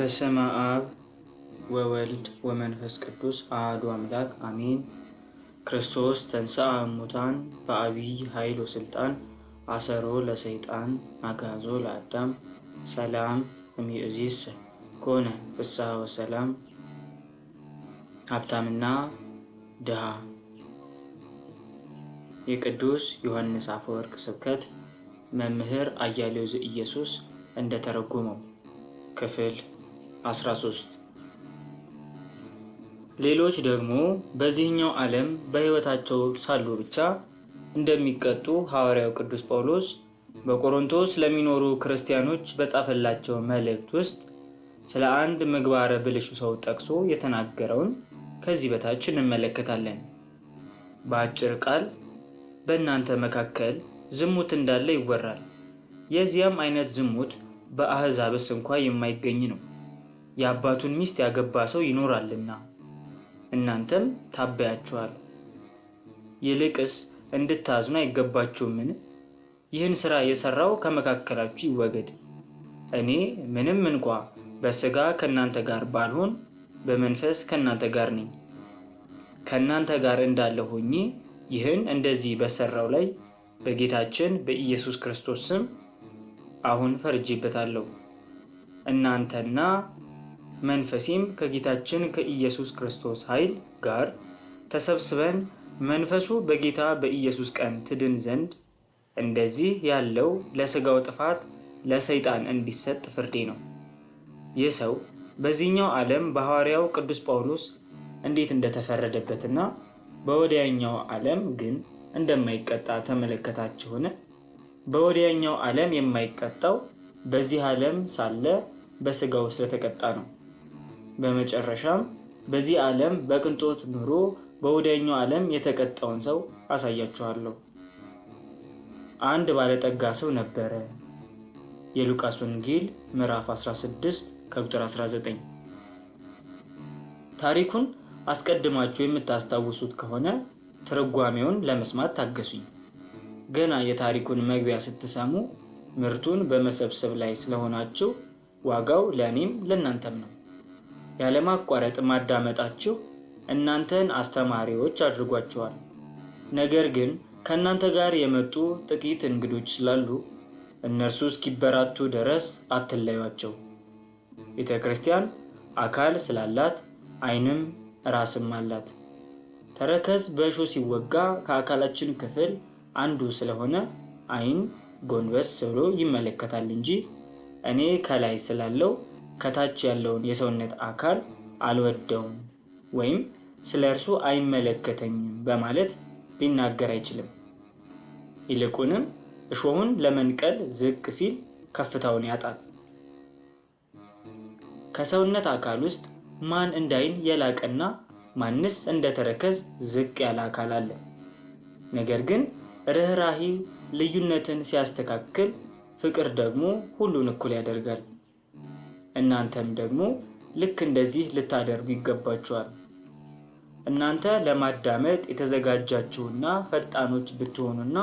በስመ አብ ወወልድ ወመንፈስ ቅዱስ አህዱ አምላክ አሜን። ክርስቶስ ተንሥአ እሙታን በአቢይ ኃይል ወስልጣን አሰሮ ለሰይጣን አጋዞ ለአዳም ሰላም እምይእዜሰ ኮነ ፍስሐ ወሰላም። ሀብታምና ድሃ የቅዱስ ዮሐንስ አፈወርቅ ስብከት መምህር አያሌው ዘኢየሱስ እንደተረጎመው ክፍል 13 ሌሎች ደግሞ በዚህኛው ዓለም በሕይወታቸው ሳሉ ብቻ እንደሚቀጡ ሐዋርያው ቅዱስ ጳውሎስ በቆሮንቶስ ለሚኖሩ ክርስቲያኖች በጻፈላቸው መልእክት ውስጥ ስለ አንድ ምግባረ ብልሹ ሰው ጠቅሶ የተናገረውን ከዚህ በታች እንመለከታለን። በአጭር ቃል በእናንተ መካከል ዝሙት እንዳለ ይወራል። የዚያም አይነት ዝሙት በአሕዛብስ እንኳ የማይገኝ ነው። የአባቱን ሚስት ያገባ ሰው ይኖራልና እናንተም ታበያችኋል። ይልቅስ እንድታዝኑ አይገባችሁምን? ይህን ሥራ የሠራው ከመካከላችሁ ይወገድ። እኔ ምንም እንኳ በሥጋ ከእናንተ ጋር ባልሆን በመንፈስ ከእናንተ ጋር ነኝ። ከእናንተ ጋር እንዳለ ሆኜ ይህን እንደዚህ በሠራው ላይ በጌታችን በኢየሱስ ክርስቶስ ስም አሁን ፈርጄበታለሁ። እናንተና መንፈሴም ከጌታችን ከኢየሱስ ክርስቶስ ኃይል ጋር ተሰብስበን መንፈሱ በጌታ በኢየሱስ ቀን ትድን ዘንድ እንደዚህ ያለው ለሥጋው ጥፋት ለሰይጣን እንዲሰጥ ፍርዴ ነው። ይህ ሰው በዚህኛው ዓለም በሐዋርያው ቅዱስ ጳውሎስ እንዴት እንደተፈረደበትና በወዲያኛው ዓለም ግን እንደማይቀጣ ተመለከታችሁን? በወዲያኛው ዓለም የማይቀጣው በዚህ ዓለም ሳለ በሥጋው ስለተቀጣ ነው። በመጨረሻም በዚህ ዓለም በቅንጦት ኑሮ በወዲያኛው ዓለም የተቀጣውን ሰው አሳያችኋለሁ። አንድ ባለጠጋ ሰው ነበረ። የሉቃስ ወንጌል ምዕራፍ 16 ከቁጥር 19። ታሪኩን አስቀድማችሁ የምታስታውሱት ከሆነ ትርጓሜውን ለመስማት ታገሱኝ። ገና የታሪኩን መግቢያ ስትሰሙ ምርቱን በመሰብሰብ ላይ ስለሆናችሁ ዋጋው ለእኔም ለእናንተም ነው። ያለማቋረጥ ማዳመጣችሁ እናንተን አስተማሪዎች አድርጓችኋል። ነገር ግን ከእናንተ ጋር የመጡ ጥቂት እንግዶች ስላሉ እነርሱ እስኪበራቱ ድረስ አትለዩአቸው። ቤተ ክርስቲያን አካል ስላላት ዓይንም ራስም አላት። ተረከዝ በእሾ ሲወጋ ከአካላችን ክፍል አንዱ ስለሆነ ዓይን ጎንበስ ብሎ ይመለከታል እንጂ እኔ ከላይ ስላለው ከታች ያለውን የሰውነት አካል አልወደውም ወይም ስለ እርሱ አይመለከተኝም በማለት ሊናገር አይችልም። ይልቁንም እሾሁን ለመንቀል ዝቅ ሲል ከፍታውን ያጣል። ከሰውነት አካል ውስጥ ማን እንዳይን የላቀና ማንስ እንደተረከዝ ዝቅ ያለ አካል አለ። ነገር ግን ርኅራሂ ልዩነትን ሲያስተካክል፣ ፍቅር ደግሞ ሁሉን እኩል ያደርጋል። እናንተም ደግሞ ልክ እንደዚህ ልታደርጉ ይገባችኋል። እናንተ ለማዳመጥ የተዘጋጃችሁና ፈጣኖች ብትሆኑና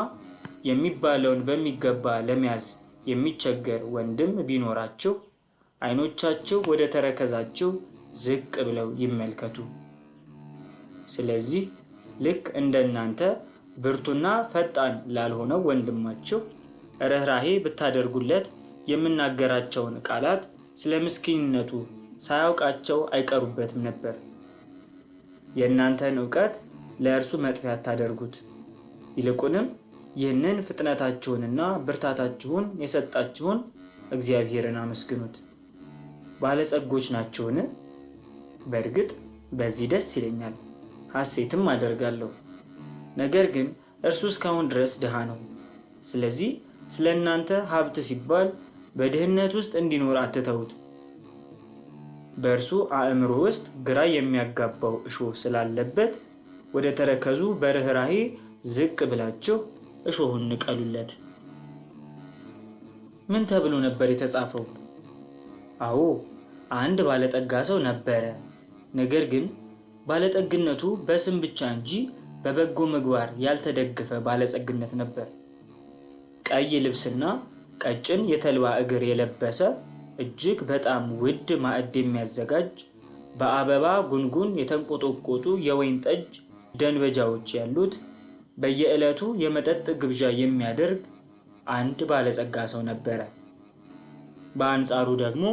የሚባለውን በሚገባ ለመያዝ የሚቸገር ወንድም ቢኖራችሁ አይኖቻችሁ ወደ ተረከዛችሁ ዝቅ ብለው ይመልከቱ። ስለዚህ ልክ እንደናንተ ብርቱና ፈጣን ላልሆነው ወንድማችሁ ርኅራሄ ብታደርጉለት የምናገራቸውን ቃላት ስለ ምስኪንነቱ ሳያውቃቸው አይቀሩበትም ነበር። የእናንተን እውቀት ለእርሱ መጥፊያ አታደርጉት። ይልቁንም ይህንን ፍጥነታችሁንና ብርታታችሁን የሰጣችሁን እግዚአብሔርን አመስግኑት። ባለጸጎች ናችሁን? በእርግጥ በዚህ ደስ ይለኛል፣ ሐሴትም አደርጋለሁ። ነገር ግን እርሱ እስካሁን ድረስ ድሃ ነው። ስለዚህ ስለ እናንተ ሀብት ሲባል በድህነት ውስጥ እንዲኖር አትተውት። በእርሱ አእምሮ ውስጥ ግራ የሚያጋባው እሾህ ስላለበት ወደ ተረከዙ በርኅራሄ ዝቅ ብላችሁ እሾሁን ንቀሉለት። ምን ተብሎ ነበር የተጻፈው? አዎ አንድ ባለጠጋ ሰው ነበረ። ነገር ግን ባለጠግነቱ በስም ብቻ እንጂ በበጎ ምግባር ያልተደገፈ ባለጸግነት ነበር። ቀይ ልብስና ቀጭን የተልባ እግር የለበሰ እጅግ በጣም ውድ ማዕድ የሚያዘጋጅ በአበባ ጉንጉን የተንቆጠቆጡ የወይን ጠጅ ደንበጃዎች ያሉት በየዕለቱ የመጠጥ ግብዣ የሚያደርግ አንድ ባለጸጋ ሰው ነበረ። በአንጻሩ ደግሞ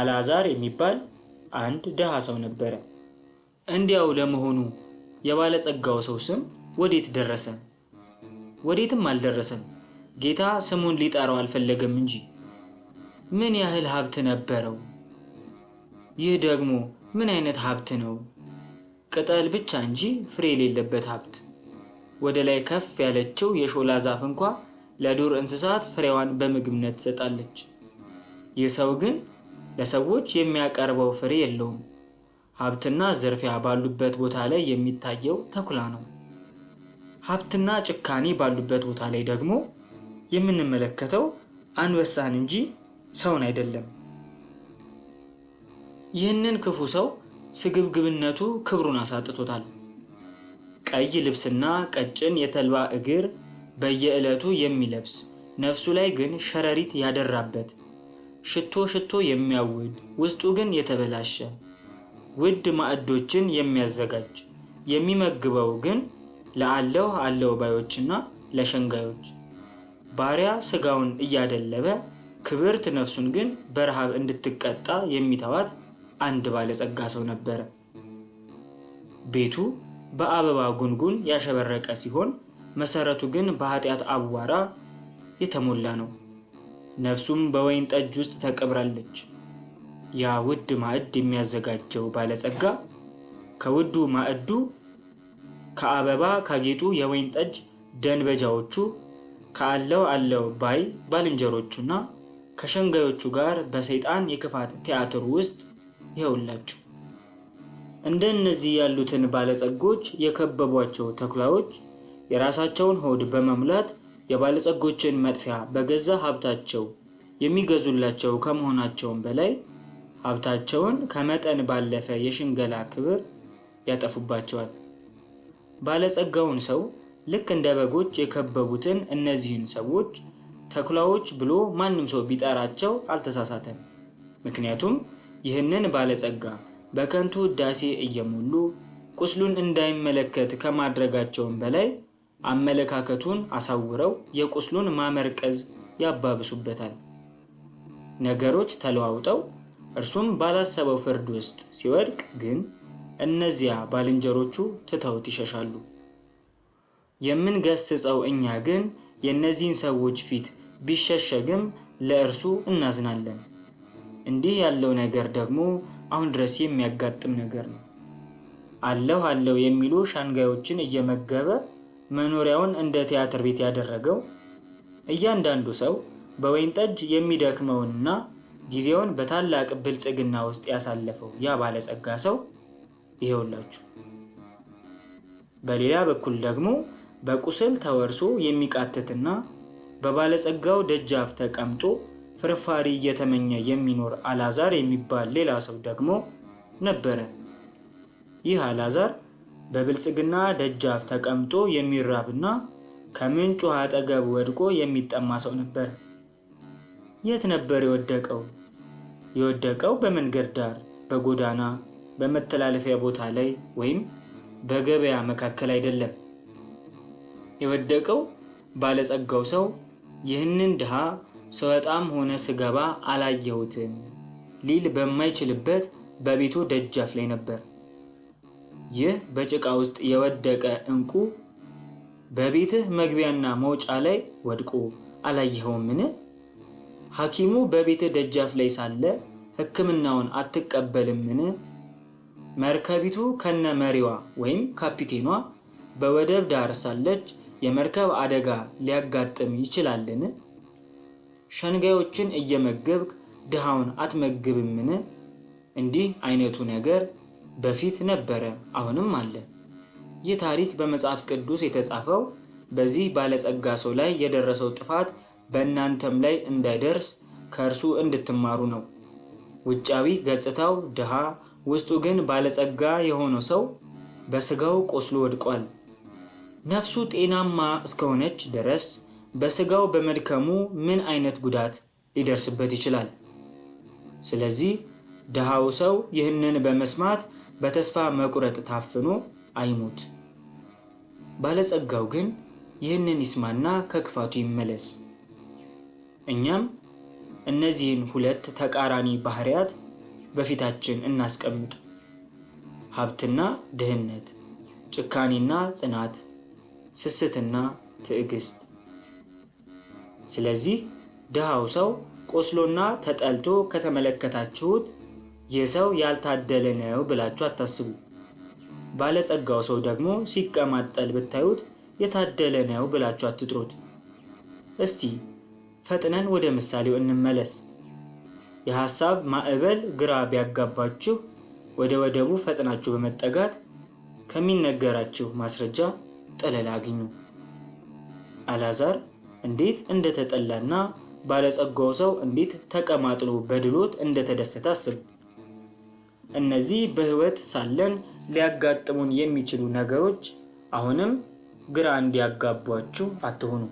አላዛር የሚባል አንድ ድሃ ሰው ነበረ። እንዲያው ለመሆኑ የባለጸጋው ሰው ስም ወዴት ደረሰ? ወዴትም አልደረሰም። ጌታ ስሙን ሊጠራው አልፈለገም እንጂ ምን ያህል ሀብት ነበረው? ይህ ደግሞ ምን አይነት ሀብት ነው? ቅጠል ብቻ እንጂ ፍሬ የሌለበት ሀብት። ወደ ላይ ከፍ ያለችው የሾላ ዛፍ እንኳ ለዱር እንስሳት ፍሬዋን በምግብነት ትሰጣለች። ይህ ሰው ግን ለሰዎች የሚያቀርበው ፍሬ የለውም። ሀብትና ዝርፊያ ባሉበት ቦታ ላይ የሚታየው ተኩላ ነው። ሀብትና ጭካኔ ባሉበት ቦታ ላይ ደግሞ የምንመለከተው አንበሳን እንጂ ሰውን አይደለም። ይህንን ክፉ ሰው ስግብግብነቱ ክብሩን አሳጥቶታል። ቀይ ልብስና ቀጭን የተልባ እግር በየዕለቱ የሚለብስ ነፍሱ ላይ ግን ሸረሪት ያደራበት ሽቶ ሽቶ የሚያውድ ውስጡ ግን የተበላሸ ውድ ማዕዶችን የሚያዘጋጅ የሚመግበው ግን ለአለው አለው ባዮችና ለሸንጋዮች ባሪያ ስጋውን እያደለበ ክብርት ነፍሱን ግን በረሃብ እንድትቀጣ የሚተዋት አንድ ባለጸጋ ሰው ነበር። ቤቱ በአበባ ጉንጉን ያሸበረቀ ሲሆን መሰረቱ ግን በኃጢአት አቧራ የተሞላ ነው። ነፍሱም በወይን ጠጅ ውስጥ ተቀብራለች። ያ ውድ ማዕድ የሚያዘጋጀው ባለጸጋ ከውዱ ማዕዱ ከአበባ ካጌጡ የወይን ጠጅ ደንበጃዎቹ ከአለው አለው ባይ ባልንጀሮቹና ከሸንጋዮቹ ጋር በሰይጣን የክፋት ቲያትር ውስጥ ይኸውላችሁ እንደ እነዚህ ያሉትን ባለጸጎች የከበቧቸው ተኩላዎች የራሳቸውን ሆድ በመሙላት የባለጸጎችን መጥፊያ በገዛ ሀብታቸው የሚገዙላቸው ከመሆናቸውም በላይ ሀብታቸውን ከመጠን ባለፈ የሽንገላ ክብር ያጠፉባቸዋል። ባለጸጋውን ሰው ልክ እንደ በጎች የከበቡትን እነዚህን ሰዎች ተኩላዎች ብሎ ማንም ሰው ቢጠራቸው አልተሳሳተም። ምክንያቱም ይህንን ባለጸጋ በከንቱ ውዳሴ እየሞሉ ቁስሉን እንዳይመለከት ከማድረጋቸውም በላይ አመለካከቱን አሳውረው የቁስሉን ማመርቀዝ ያባብሱበታል። ነገሮች ተለዋውጠው እርሱም ባላሰበው ፍርድ ውስጥ ሲወድቅ ግን እነዚያ ባልንጀሮቹ ትተውት ይሸሻሉ። የምንገስጸው እኛ ግን የእነዚህን ሰዎች ፊት ቢሸሸግም ለእርሱ እናዝናለን። እንዲህ ያለው ነገር ደግሞ አሁን ድረስ የሚያጋጥም ነገር ነው። አለሁ አለሁ የሚሉ ሻንጋዮችን እየመገበ መኖሪያውን እንደ ቲያትር ቤት ያደረገው እያንዳንዱ ሰው በወይን ጠጅ የሚደክመውንና ጊዜውን በታላቅ ብልጽግና ውስጥ ያሳለፈው ያ ባለጸጋ ሰው ይሄውላችሁ። በሌላ በኩል ደግሞ በቁስል ተወርሶ የሚቃትትና በባለጸጋው ደጃፍ ተቀምጦ ፍርፋሪ እየተመኘ የሚኖር አላዛር የሚባል ሌላ ሰው ደግሞ ነበረ። ይህ አላዛር በብልጽግና ደጃፍ ተቀምጦ የሚራብና ከምንጭ ውሃ አጠገብ ወድቆ የሚጠማ ሰው ነበር። የት ነበር የወደቀው? የወደቀው በመንገድ ዳር፣ በጎዳና፣ በመተላለፊያ ቦታ ላይ ወይም በገበያ መካከል አይደለም። የወደቀው ባለጸጋው ሰው ይህንን ድሃ ስወጣም ሆነ ስገባ አላየሁትም ሊል በማይችልበት በቤቱ ደጃፍ ላይ ነበር። ይህ በጭቃ ውስጥ የወደቀ ዕንቁ በቤትህ መግቢያና መውጫ ላይ ወድቆ አላየኸውምን? ሐኪሙ በቤትህ ደጃፍ ላይ ሳለ ሕክምናውን አትቀበልምን? መርከቢቱ ከነ መሪዋ ወይም ካፒቴኗ በወደብ ዳር ሳለች የመርከብ አደጋ ሊያጋጥም ይችላልን? ሸንጋዮችን እየመገብክ ድሃውን አትመግብምን? እንዲህ አይነቱ ነገር በፊት ነበረ፣ አሁንም አለ። ይህ ታሪክ በመጽሐፍ ቅዱስ የተጻፈው በዚህ ባለጸጋ ሰው ላይ የደረሰው ጥፋት በእናንተም ላይ እንዳይደርስ ከእርሱ እንድትማሩ ነው። ውጫዊ ገጽታው ድሃ፣ ውስጡ ግን ባለጸጋ የሆነው ሰው በስጋው ቆስሎ ወድቋል። ነፍሱ ጤናማ እስከሆነች ድረስ በስጋው በመድከሙ ምን አይነት ጉዳት ሊደርስበት ይችላል? ስለዚህ ድሃው ሰው ይህንን በመስማት በተስፋ መቁረጥ ታፍኖ አይሙት። ባለጸጋው ግን ይህንን ይስማና ከክፋቱ ይመለስ። እኛም እነዚህን ሁለት ተቃራኒ ባህሪያት በፊታችን እናስቀምጥ፤ ሀብትና ድህነት፣ ጭካኔና ጽናት ስስትና ትዕግስት። ስለዚህ ድሃው ሰው ቆስሎና ተጠልቶ ከተመለከታችሁት የሰው ያልታደለ ነው ብላችሁ አታስቡ። ባለጸጋው ሰው ደግሞ ሲቀማጠል ብታዩት የታደለ ነው ብላችሁ አትጥሩት። እስቲ ፈጥነን ወደ ምሳሌው እንመለስ። የሐሳብ ማዕበል ግራ ቢያጋባችሁ ወደ ወደቡ ፈጥናችሁ በመጠጋት ከሚነገራችሁ ማስረጃ ጠለል አገኙ። አላዛር እንዴት እንደተጠላና ባለጸጋው ሰው እንዴት ተቀማጥሎ በድሎት እንደተደሰተ አስብ። እነዚህ በህይወት ሳለን ሊያጋጥሙን የሚችሉ ነገሮች አሁንም ግራ እንዲያጋቧችሁ አትሆኑ።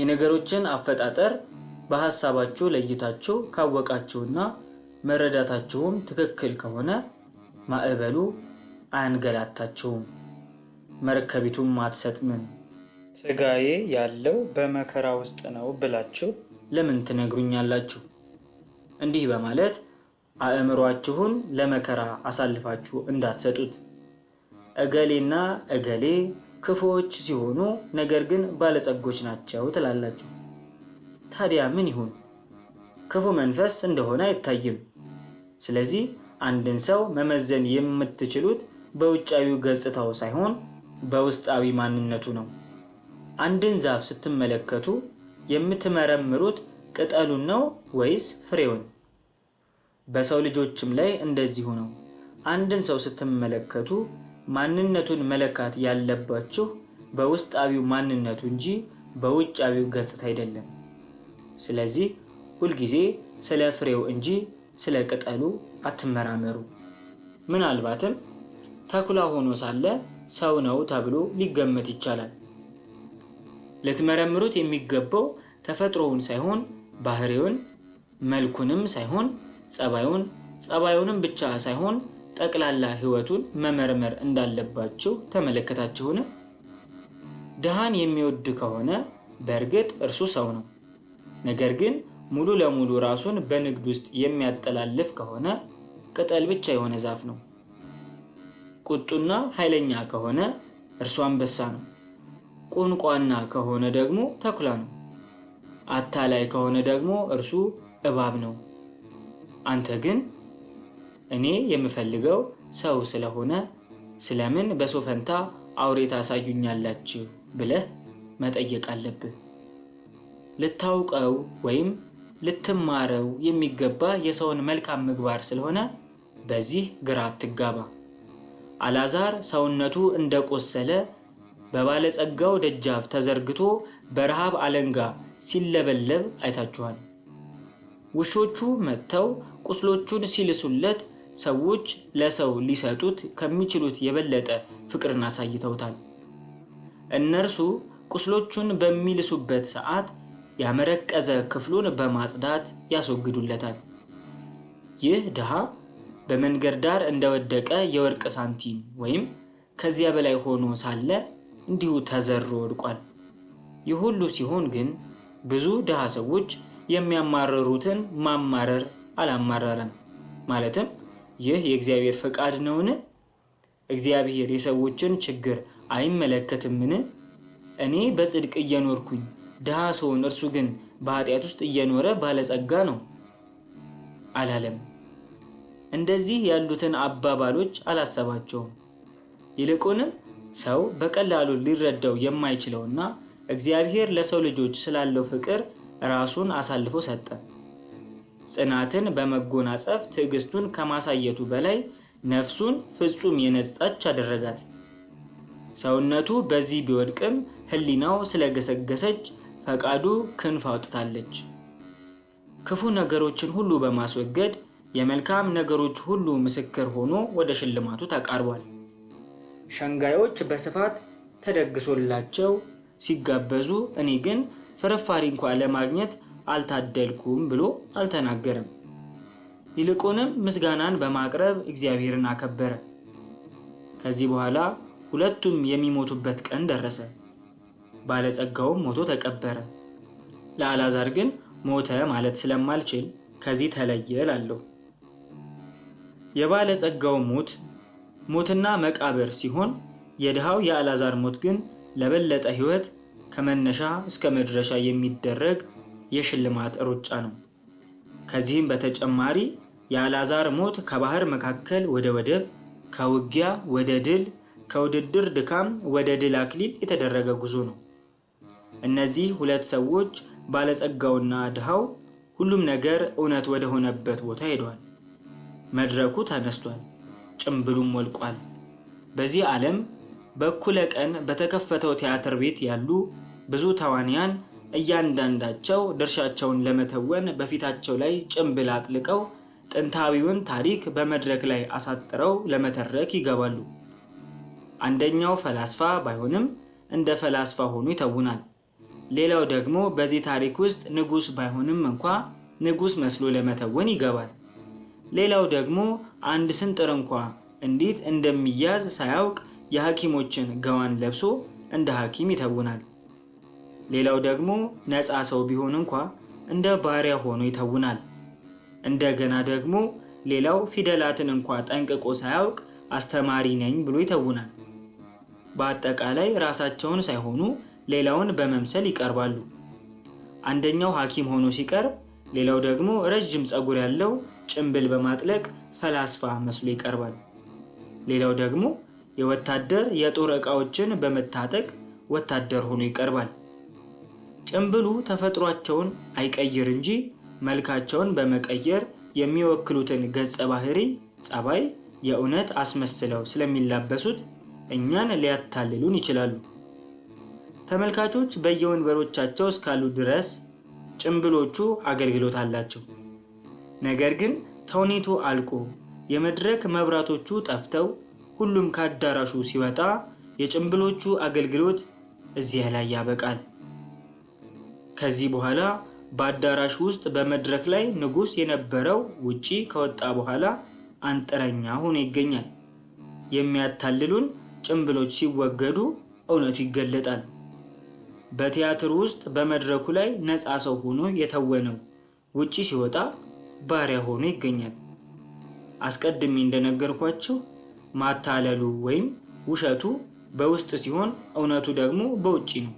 የነገሮችን አፈጣጠር በሐሳባችሁ ለይታችሁ ካወቃችሁና መረዳታችሁም ትክክል ከሆነ ማዕበሉ አያንገላታችሁም። መርከቢቱም አትሰጥምም። ሥጋዬ ያለው በመከራ ውስጥ ነው ብላችሁ ለምን ትነግሩኛላችሁ? እንዲህ በማለት አእምሯችሁን ለመከራ አሳልፋችሁ እንዳትሰጡት። እገሌና እገሌ ክፉዎች ሲሆኑ ነገር ግን ባለጸጎች ናቸው ትላላችሁ። ታዲያ ምን ይሁን? ክፉ መንፈስ እንደሆነ አይታይም። ስለዚህ አንድን ሰው መመዘን የምትችሉት በውጫዊው ገጽታው ሳይሆን በውስጣዊ ማንነቱ ነው። አንድን ዛፍ ስትመለከቱ የምትመረምሩት ቅጠሉን ነው ወይስ ፍሬውን? በሰው ልጆችም ላይ እንደዚሁ ነው። አንድን ሰው ስትመለከቱ ማንነቱን መለካት ያለባችሁ በውስጣዊው ማንነቱ እንጂ በውጫዊው ገጽታ አይደለም። ስለዚህ ሁልጊዜ ስለ ፍሬው እንጂ ስለ ቅጠሉ አትመራመሩ። ምናልባትም ተኩላ ሆኖ ሳለ ሰው ነው ተብሎ ሊገመት ይቻላል። ልትመረምሩት የሚገባው ተፈጥሮውን ሳይሆን ባህሪውን፣ መልኩንም ሳይሆን ጸባዩን፣ ጸባዩንም ብቻ ሳይሆን ጠቅላላ ሕይወቱን መመርመር እንዳለባችሁ ተመለከታችሁን? ድሃን የሚወድ ከሆነ በእርግጥ እርሱ ሰው ነው። ነገር ግን ሙሉ ለሙሉ ራሱን በንግድ ውስጥ የሚያጠላልፍ ከሆነ ቅጠል ብቻ የሆነ ዛፍ ነው። ቁጡና ኃይለኛ ከሆነ እርሱ አንበሳ ነው። ቁንቋና ከሆነ ደግሞ ተኩላ ነው። አታላይ ከሆነ ደግሞ እርሱ እባብ ነው። አንተ ግን እኔ የምፈልገው ሰው ስለሆነ ስለምን በሰው ፈንታ አውሬ ታሳዩኛላችሁ ብለህ መጠየቅ አለብህ። ልታውቀው ወይም ልትማረው የሚገባ የሰውን መልካም ምግባር ስለሆነ በዚህ ግራ አትጋባ። አላዛር ሰውነቱ እንደቆሰለ በባለጸጋው ደጃፍ ተዘርግቶ በረሃብ አለንጋ ሲለበለብ አይታችኋል። ውሾቹ መጥተው ቁስሎቹን ሲልሱለት ሰዎች ለሰው ሊሰጡት ከሚችሉት የበለጠ ፍቅርን አሳይተውታል። እነርሱ ቁስሎቹን በሚልሱበት ሰዓት ያመረቀዘ ክፍሉን በማጽዳት ያስወግዱለታል። ይህ ድሃ በመንገድ ዳር እንደወደቀ የወርቅ ሳንቲም ወይም ከዚያ በላይ ሆኖ ሳለ እንዲሁ ተዘሮ ወድቋል። ይህ ሁሉ ሲሆን ግን ብዙ ድሃ ሰዎች የሚያማረሩትን ማማረር አላማረረም። ማለትም ይህ የእግዚአብሔር ፈቃድ ነውን? እግዚአብሔር የሰዎችን ችግር አይመለከትምን? እኔ በጽድቅ እየኖርኩኝ ድሃ ሰውን እርሱ ግን በኃጢአት ውስጥ እየኖረ ባለጸጋ ነው አላለም። እንደዚህ ያሉትን አባባሎች አላሰባቸውም። ይልቁንም ሰው በቀላሉ ሊረዳው የማይችለውና እግዚአብሔር ለሰው ልጆች ስላለው ፍቅር ራሱን አሳልፎ ሰጠ። ጽናትን በመጎናጸፍ ትዕግስቱን ከማሳየቱ በላይ ነፍሱን ፍጹም የነጻች አደረጋት። ሰውነቱ በዚህ ቢወድቅም ሕሊናው ስለገሰገሰች ፈቃዱ ክንፍ አውጥታለች። ክፉ ነገሮችን ሁሉ በማስወገድ የመልካም ነገሮች ሁሉ ምስክር ሆኖ ወደ ሽልማቱ ተቃርቧል። ሸንጋዮች በስፋት ተደግሶላቸው ሲጋበዙ እኔ ግን ፍርፋሪ እንኳ ለማግኘት አልታደልኩም ብሎ አልተናገረም። ይልቁንም ምስጋናን በማቅረብ እግዚአብሔርን አከበረ። ከዚህ በኋላ ሁለቱም የሚሞቱበት ቀን ደረሰ። ባለጸጋውም ሞቶ ተቀበረ። ለአላዛር ግን ሞተ ማለት ስለማልችል ከዚህ ተለየ እላለሁ። የባለጸጋው ሞት ሞትና መቃብር ሲሆን የድሃው የአላዛር ሞት ግን ለበለጠ ህይወት ከመነሻ እስከ መድረሻ የሚደረግ የሽልማት ሩጫ ነው። ከዚህም በተጨማሪ የአላዛር ሞት ከባህር መካከል ወደ ወደብ፣ ከውጊያ ወደ ድል፣ ከውድድር ድካም ወደ ድል አክሊል የተደረገ ጉዞ ነው። እነዚህ ሁለት ሰዎች ባለጸጋውና ድሃው ሁሉም ነገር እውነት ወደሆነበት ቦታ ሄደዋል። መድረኩ ተነስቷል፣ ጭምብሉም ወልቋል። በዚህ ዓለም በኩለ ቀን በተከፈተው ቲያትር ቤት ያሉ ብዙ ተዋንያን እያንዳንዳቸው ድርሻቸውን ለመተወን በፊታቸው ላይ ጭምብል አጥልቀው ጥንታዊውን ታሪክ በመድረክ ላይ አሳጥረው ለመተረክ ይገባሉ። አንደኛው ፈላስፋ ባይሆንም እንደ ፈላስፋ ሆኖ ይተውናል። ሌላው ደግሞ በዚህ ታሪክ ውስጥ ንጉሥ ባይሆንም እንኳ ንጉሥ መስሎ ለመተወን ይገባል። ሌላው ደግሞ አንድ ስንጥር እንኳ እንዴት እንደሚያዝ ሳያውቅ የሐኪሞችን ገዋን ለብሶ እንደ ሐኪም ይተውናል። ሌላው ደግሞ ነፃ ሰው ቢሆን እንኳ እንደ ባሪያ ሆኖ ይተውናል። እንደገና ደግሞ ሌላው ፊደላትን እንኳ ጠንቅቆ ሳያውቅ አስተማሪ ነኝ ብሎ ይተውናል። በአጠቃላይ ራሳቸውን ሳይሆኑ ሌላውን በመምሰል ይቀርባሉ። አንደኛው ሐኪም ሆኖ ሲቀርብ ሌላው ደግሞ ረዥም ጸጉር ያለው ጭንብል በማጥለቅ ፈላስፋ መስሎ ይቀርባል። ሌላው ደግሞ የወታደር የጦር ዕቃዎችን በመታጠቅ ወታደር ሆኖ ይቀርባል። ጭንብሉ ተፈጥሯቸውን አይቀይር እንጂ መልካቸውን በመቀየር የሚወክሉትን ገጸ ባህሪ ጸባይ የእውነት አስመስለው ስለሚላበሱት እኛን ሊያታልሉን ይችላሉ። ተመልካቾች በየወንበሮቻቸው እስካሉ ድረስ ጭምብሎቹ አገልግሎት አላቸው። ነገር ግን ተውኔቱ አልቆ የመድረክ መብራቶቹ ጠፍተው ሁሉም ከአዳራሹ ሲወጣ የጭምብሎቹ አገልግሎት እዚያ ላይ ያበቃል። ከዚህ በኋላ በአዳራሽ ውስጥ በመድረክ ላይ ንጉሥ የነበረው ውጪ ከወጣ በኋላ አንጥረኛ ሆኖ ይገኛል። የሚያታልሉን ጭምብሎች ሲወገዱ እውነቱ ይገለጣል። በቲያትር ውስጥ በመድረኩ ላይ ነፃ ሰው ሆኖ የተወነው ውጪ ሲወጣ ባሪያ ሆኖ ይገኛል። አስቀድሜ እንደነገርኳቸው ማታለሉ ወይም ውሸቱ በውስጥ ሲሆን እውነቱ ደግሞ በውጪ ነው።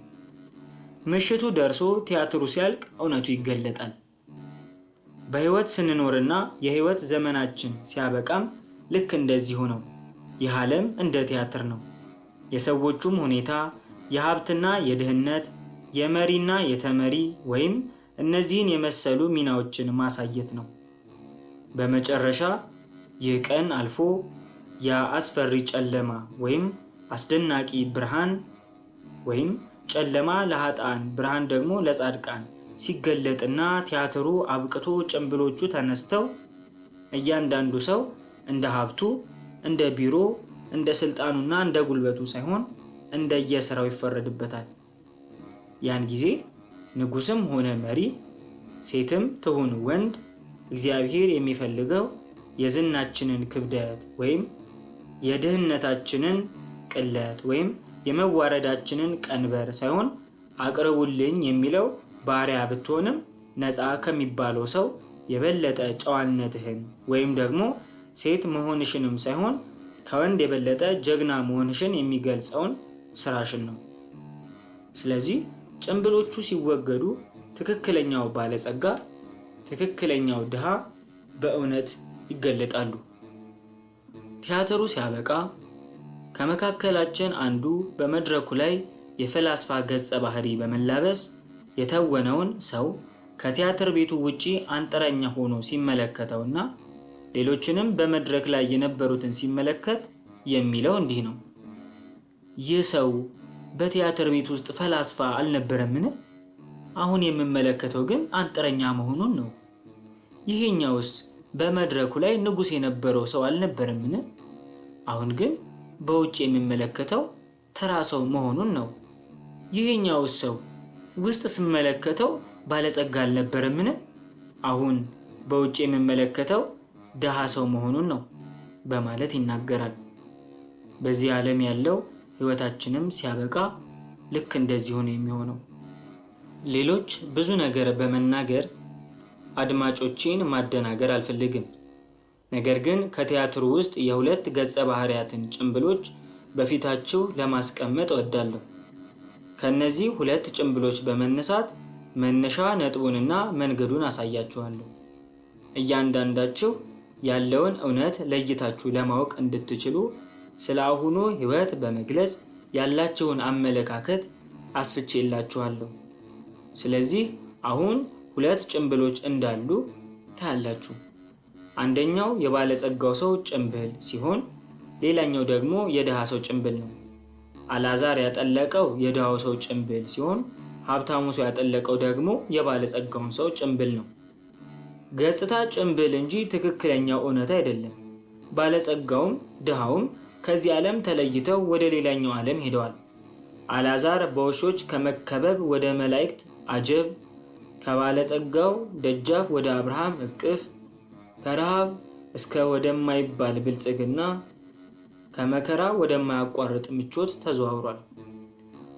ምሽቱ ደርሶ ቲያትሩ ሲያልቅ እውነቱ ይገለጣል። በሕይወት ስንኖርና የሕይወት ዘመናችን ሲያበቃም ልክ እንደዚሁ ነው። ይህ ዓለም እንደ ቲያትር ነው። የሰዎቹም ሁኔታ የሀብትና የድህነት፣ የመሪና የተመሪ ወይም እነዚህን የመሰሉ ሚናዎችን ማሳየት ነው። በመጨረሻ ይህ ቀን አልፎ ያ አስፈሪ ጨለማ ወይም አስደናቂ ብርሃን ወይም ጨለማ ለሀጣን ብርሃን ደግሞ ለጻድቃን ሲገለጥና ቲያትሩ አብቅቶ ጭንብሎቹ ተነስተው እያንዳንዱ ሰው እንደ ሀብቱ፣ እንደ ቢሮ፣ እንደ ስልጣኑና እንደ ጉልበቱ ሳይሆን እንደየስራው ይፈረድበታል። ያን ጊዜ ንጉስም ሆነ መሪ፣ ሴትም ትሁን ወንድ እግዚአብሔር የሚፈልገው የዝናችንን ክብደት ወይም የድህነታችንን ቅለት ወይም የመዋረዳችንን ቀንበር ሳይሆን አቅርቡልኝ የሚለው ባሪያ ብትሆንም ነፃ ከሚባለው ሰው የበለጠ ጨዋነትህን ወይም ደግሞ ሴት መሆንሽንም ሳይሆን ከወንድ የበለጠ ጀግና መሆንሽን የሚገልጸውን ስራሽን ነው። ስለዚህ ጭንብሎቹ ሲወገዱ ትክክለኛው ባለጸጋ፣ ትክክለኛው ድሃ በእውነት ይገለጣሉ። ቲያትሩ ሲያበቃ ከመካከላችን አንዱ በመድረኩ ላይ የፈላስፋ ገጸ ባህሪ በመላበስ የተወነውን ሰው ከቲያትር ቤቱ ውጪ አንጥረኛ ሆኖ ሲመለከተውና ሌሎችንም በመድረክ ላይ የነበሩትን ሲመለከት የሚለው እንዲህ ነው። ይህ ሰው በቲያትር ቤት ውስጥ ፈላስፋ አልነበረምን? አሁን የምመለከተው ግን አንጥረኛ መሆኑን ነው። ይሄኛውስ በመድረኩ ላይ ንጉሥ የነበረው ሰው አልነበረምን? አሁን ግን በውጭ የምመለከተው ተራ ሰው መሆኑን ነው። ይሄኛውስ ሰው ውስጥ ስመለከተው ባለጸጋ አልነበረምን? አሁን በውጭ የምመለከተው ድሃ ሰው መሆኑን ነው በማለት ይናገራል። በዚህ ዓለም ያለው ህይወታችንም ሲያበቃ ልክ እንደዚሁ ነው የሚሆነው። ሌሎች ብዙ ነገር በመናገር አድማጮቼን ማደናገር አልፈልግም። ነገር ግን ከቲያትሩ ውስጥ የሁለት ገጸ ባህሪያትን ጭምብሎች በፊታችሁ ለማስቀመጥ እወዳለሁ። ከእነዚህ ሁለት ጭምብሎች በመነሳት መነሻ ነጥቡንና መንገዱን አሳያችኋለሁ። እያንዳንዳችሁ ያለውን እውነት ለይታችሁ ለማወቅ እንድትችሉ ስለ አሁኑ ህይወት በመግለጽ ያላቸውን አመለካከት አስፍቼላችኋለሁ። ስለዚህ አሁን ሁለት ጭንብሎች እንዳሉ ታያላችሁ። አንደኛው የባለጸጋው ሰው ጭንብል ሲሆን ሌላኛው ደግሞ የድሃ ሰው ጭንብል ነው። አላዛር ያጠለቀው የድሃው ሰው ጭንብል ሲሆን ሀብታሙ ሰው ያጠለቀው ደግሞ የባለጸጋውን ሰው ጭንብል ነው። ገጽታ ጭንብል እንጂ ትክክለኛ እውነት አይደለም። ባለጸጋውም ድሃውም ከዚህ ዓለም ተለይተው ወደ ሌላኛው ዓለም ሄደዋል። አልዓዛር በውሾች ከመከበብ ወደ መላእክት አጀብ፣ ከባለጸጋው ደጃፍ ወደ አብርሃም እቅፍ፣ ከረሃብ እስከ ወደማይባል ብልጽግና፣ ከመከራ ወደማያቋርጥ ምቾት ተዘዋውሯል።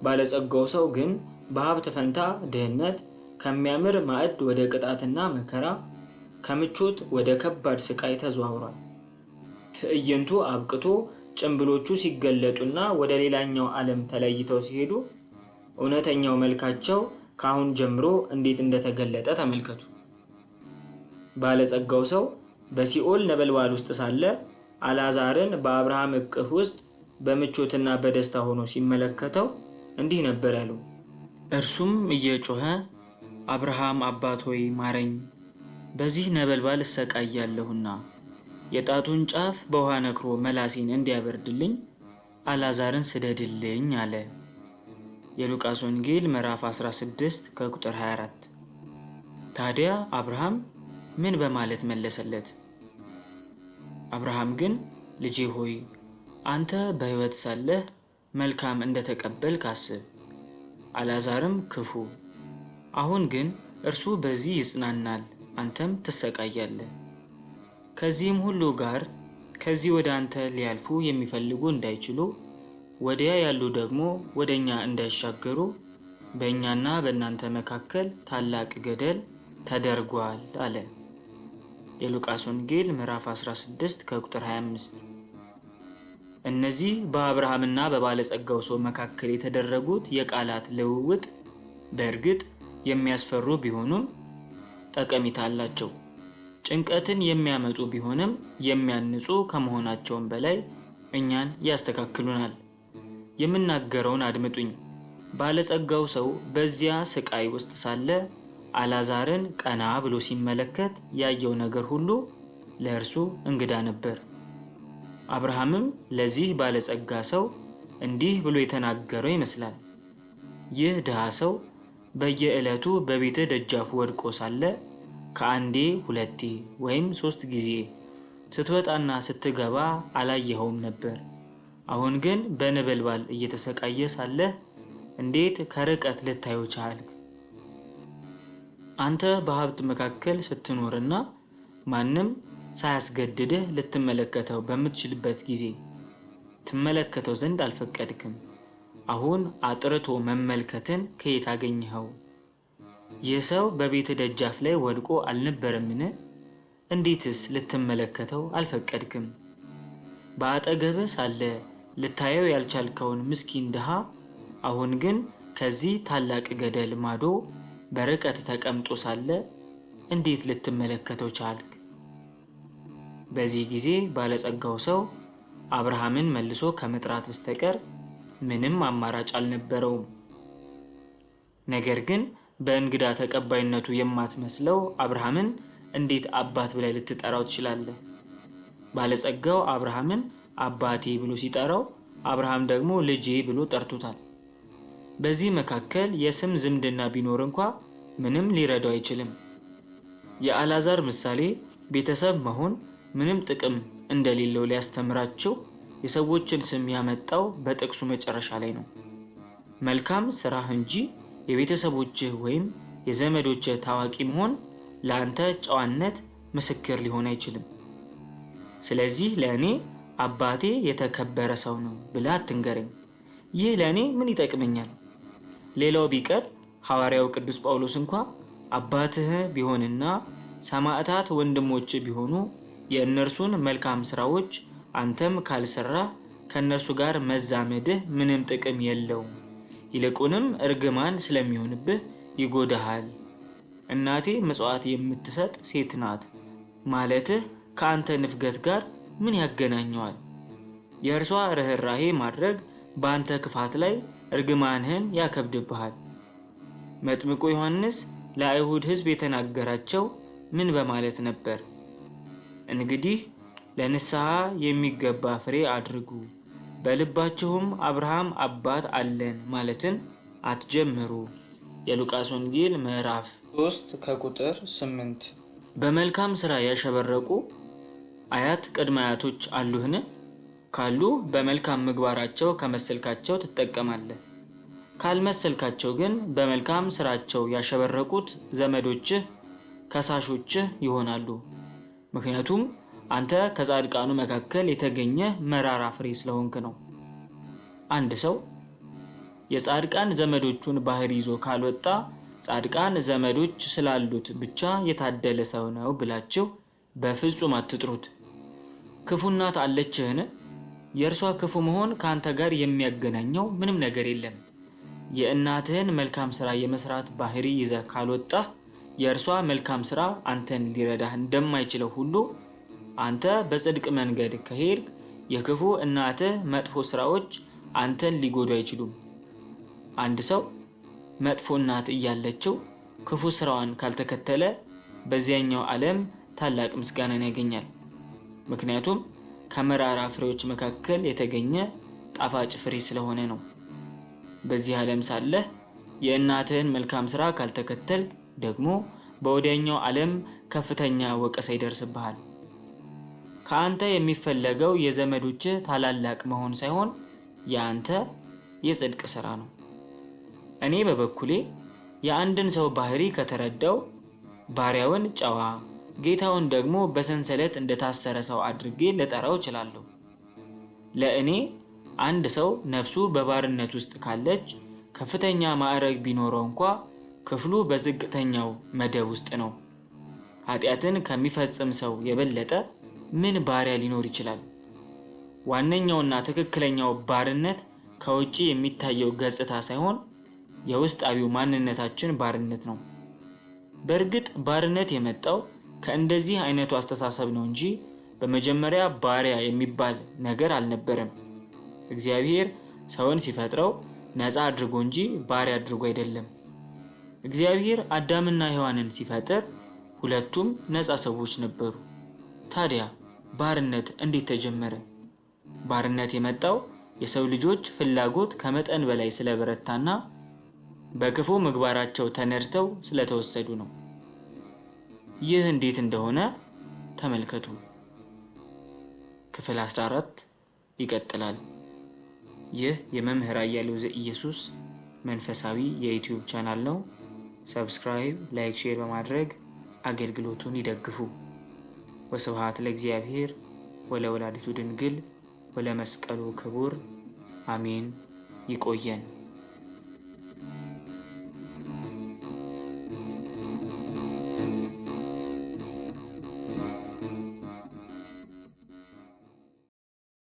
ባለጸጋው ሰው ግን በሀብት ፈንታ ድህነት፣ ከሚያምር ማዕድ ወደ ቅጣትና መከራ፣ ከምቾት ወደ ከባድ ስቃይ ተዘዋውሯል። ትዕይንቱ አብቅቶ ጭንብሎቹ ሲገለጡና ወደ ሌላኛው ዓለም ተለይተው ሲሄዱ እውነተኛው መልካቸው ከአሁን ጀምሮ እንዴት እንደተገለጠ ተመልከቱ። ባለጸጋው ሰው በሲኦል ነበልባል ውስጥ ሳለ አላዛርን በአብርሃም እቅፍ ውስጥ በምቾትና በደስታ ሆኖ ሲመለከተው እንዲህ ነበር ያለው። እርሱም እየጮኸ አብርሃም አባት ሆይ ማረኝ፣ በዚህ ነበልባል እሰቃያለሁና የጣቱን ጫፍ በውሃ ነክሮ መላሴን እንዲያበርድልኝ አላዛርን ስደድልኝ አለ። የሉቃስ ወንጌል ምዕራፍ 16 ከቁጥር 24። ታዲያ አብርሃም ምን በማለት መለሰለት? አብርሃም ግን ልጄ ሆይ አንተ በሕይወት ሳለህ መልካም እንደተቀበልክ አስብ፣ አላዛርም ክፉ። አሁን ግን እርሱ በዚህ ይጽናናል፣ አንተም ትሰቃያለህ። ከዚህም ሁሉ ጋር ከዚህ ወደ አንተ ሊያልፉ የሚፈልጉ እንዳይችሉ ወዲያ ያሉ ደግሞ ወደ እኛ እንዳይሻገሩ በእኛና በእናንተ መካከል ታላቅ ገደል ተደርጓል አለ። የሉቃስ ወንጌል ምዕራፍ 16 ከቁጥር 25። እነዚህ በአብርሃምና በባለጸጋው ሰው መካከል የተደረጉት የቃላት ልውውጥ በእርግጥ የሚያስፈሩ ቢሆኑም ጠቀሜታ አላቸው። ጭንቀትን የሚያመጡ ቢሆንም የሚያንጹ ከመሆናቸውም በላይ እኛን ያስተካክሉናል። የምናገረውን አድምጡኝ። ባለጸጋው ሰው በዚያ ስቃይ ውስጥ ሳለ አላዛርን ቀና ብሎ ሲመለከት ያየው ነገር ሁሉ ለእርሱ እንግዳ ነበር። አብርሃምም ለዚህ ባለጸጋ ሰው እንዲህ ብሎ የተናገረው ይመስላል። ይህ ድሃ ሰው በየዕለቱ በቤተ ደጃፉ ወድቆ ሳለ ከአንዴ ሁለቴ ወይም ሶስት ጊዜ ስትወጣና ስትገባ አላየኸውም ነበር። አሁን ግን በነበልባል እየተሰቃየ ሳለህ እንዴት ከርቀት ልታየው ቻልክ? አንተ በሀብት መካከል ስትኖርና ማንም ሳያስገድድህ ልትመለከተው በምትችልበት ጊዜ ትመለከተው ዘንድ አልፈቀድክም። አሁን አጥርቶ መመልከትን ከየት አገኘኸው? ይህ ሰው በቤት ደጃፍ ላይ ወድቆ አልነበረምን? እንዴትስ ልትመለከተው አልፈቀድክም? በአጠገበ ሳለ ልታየው ያልቻልከውን ምስኪን ድሃ አሁን ግን ከዚህ ታላቅ ገደል ማዶ በርቀት ተቀምጦ ሳለ እንዴት ልትመለከተው ቻልክ? በዚህ ጊዜ ባለጸጋው ሰው አብርሃምን መልሶ ከመጥራት በስተቀር ምንም አማራጭ አልነበረውም። ነገር ግን በእንግዳ ተቀባይነቱ የማትመስለው አብርሃምን እንዴት አባት ብላይ ልትጠራው ትችላለህ? ባለጸጋው አብርሃምን አባቴ ብሎ ሲጠራው አብርሃም ደግሞ ልጄ ብሎ ጠርቶታል። በዚህ መካከል የስም ዝምድና ቢኖር እንኳ ምንም ሊረዳው አይችልም። የአልዓዛር ምሳሌ ቤተሰብ መሆን ምንም ጥቅም እንደሌለው ሊያስተምራቸው የሰዎችን ስም ያመጣው በጥቅሱ መጨረሻ ላይ ነው። መልካም ስራህ እንጂ የቤተሰቦችህ ወይም የዘመዶችህ ታዋቂ መሆን ለአንተ ጨዋነት ምስክር ሊሆን አይችልም። ስለዚህ ለእኔ አባቴ የተከበረ ሰው ነው ብለህ አትንገረኝ። ይህ ለእኔ ምን ይጠቅመኛል? ሌላው ቢቀር ሐዋርያው ቅዱስ ጳውሎስ እንኳ አባትህ ቢሆንና ሰማዕታት ወንድሞች ቢሆኑ የእነርሱን መልካም ስራዎች አንተም ካልሰራህ ከእነርሱ ጋር መዛመድህ ምንም ጥቅም የለውም ይልቁንም እርግማን ስለሚሆንብህ ይጎዳሃል። እናቴ መጽዋት የምትሰጥ ሴት ናት ማለትህ ከአንተ ንፍገት ጋር ምን ያገናኘዋል? የእርሷ ርኅራሄ ማድረግ በአንተ ክፋት ላይ እርግማንህን ያከብድብሃል። መጥምቁ ዮሐንስ ለአይሁድ ሕዝብ የተናገራቸው ምን በማለት ነበር? እንግዲህ ለንስሐ የሚገባ ፍሬ አድርጉ በልባችሁም አብርሃም አባት አለን ማለትን አትጀምሩ። የሉቃስ ወንጌል ምዕራፍ 3 ከቁጥር 8። በመልካም ስራ ያሸበረቁ አያት ቅድመ አያቶች አሉህን? ካሉ በመልካም ምግባራቸው ከመሰልካቸው ትጠቀማለህ። ካልመሰልካቸው ግን በመልካም ስራቸው ያሸበረቁት ዘመዶችህ ከሳሾችህ ይሆናሉ። ምክንያቱም አንተ ከጻድቃኑ መካከል የተገኘ መራራ ፍሬ ስለሆንክ ነው። አንድ ሰው የጻድቃን ዘመዶቹን ባህሪ ይዞ ካልወጣ ጻድቃን ዘመዶች ስላሉት ብቻ የታደለ ሰው ነው ብላችሁ በፍጹም አትጥሩት። ክፉ እናት አለችህን? የእርሷ ክፉ መሆን ከአንተ ጋር የሚያገናኘው ምንም ነገር የለም። የእናትህን መልካም ስራ የመስራት ባህሪ ይዘህ ካልወጣህ የእርሷ መልካም ስራ አንተን ሊረዳህ እንደማይችለው ሁሉ አንተ በጽድቅ መንገድ ከሄድክ የክፉ እናትህ መጥፎ ስራዎች አንተን ሊጎዱ አይችሉም። አንድ ሰው መጥፎ እናት እያለችው ክፉ ስራዋን ካልተከተለ በዚያኛው ዓለም ታላቅ ምስጋናን ያገኛል። ምክንያቱም ከመራራ ፍሬዎች መካከል የተገኘ ጣፋጭ ፍሬ ስለሆነ ነው። በዚህ ዓለም ሳለህ የእናትህን መልካም ስራ ካልተከተል ደግሞ በወዲያኛው ዓለም ከፍተኛ ወቀሳ ይደርስብሃል። ከአንተ የሚፈለገው የዘመዶች ታላላቅ መሆን ሳይሆን የአንተ የጽድቅ ሥራ ነው። እኔ በበኩሌ የአንድን ሰው ባህሪ ከተረዳው ባሪያውን ጨዋ፣ ጌታውን ደግሞ በሰንሰለት እንደታሰረ ሰው አድርጌ ልጠራው እችላለሁ። ለእኔ አንድ ሰው ነፍሱ በባርነት ውስጥ ካለች ከፍተኛ ማዕረግ ቢኖረው እንኳ ክፍሉ በዝቅተኛው መደብ ውስጥ ነው። ኃጢአትን ከሚፈጽም ሰው የበለጠ ምን ባሪያ ሊኖር ይችላል? ዋነኛውና ትክክለኛው ባርነት ከውጭ የሚታየው ገጽታ ሳይሆን የውስጣዊው ማንነታችን ባርነት ነው። በእርግጥ ባርነት የመጣው ከእንደዚህ አይነቱ አስተሳሰብ ነው እንጂ በመጀመሪያ ባሪያ የሚባል ነገር አልነበረም። እግዚአብሔር ሰውን ሲፈጥረው ነፃ አድርጎ እንጂ ባሪያ አድርጎ አይደለም። እግዚአብሔር አዳምና ሔዋንን ሲፈጥር ሁለቱም ነፃ ሰዎች ነበሩ። ታዲያ ባርነት እንዴት ተጀመረ? ባርነት የመጣው የሰው ልጆች ፍላጎት ከመጠን በላይ ስለበረታና በክፉ ምግባራቸው ተነድተው ስለተወሰዱ ነው። ይህ እንዴት እንደሆነ ተመልከቱ። ክፍል 14 ይቀጥላል። ይህ የመምህር አያሌው ዘኢየሱስ መንፈሳዊ የዩትዩብ ቻናል ነው። ሰብስክራይብ፣ ላይክ፣ ሼር በማድረግ አገልግሎቱን ይደግፉ። ወስብሃት ለእግዚአብሔር ወለወላዲቱ ድንግል ወለመስቀሉ ክቡር አሜን። ይቆየን።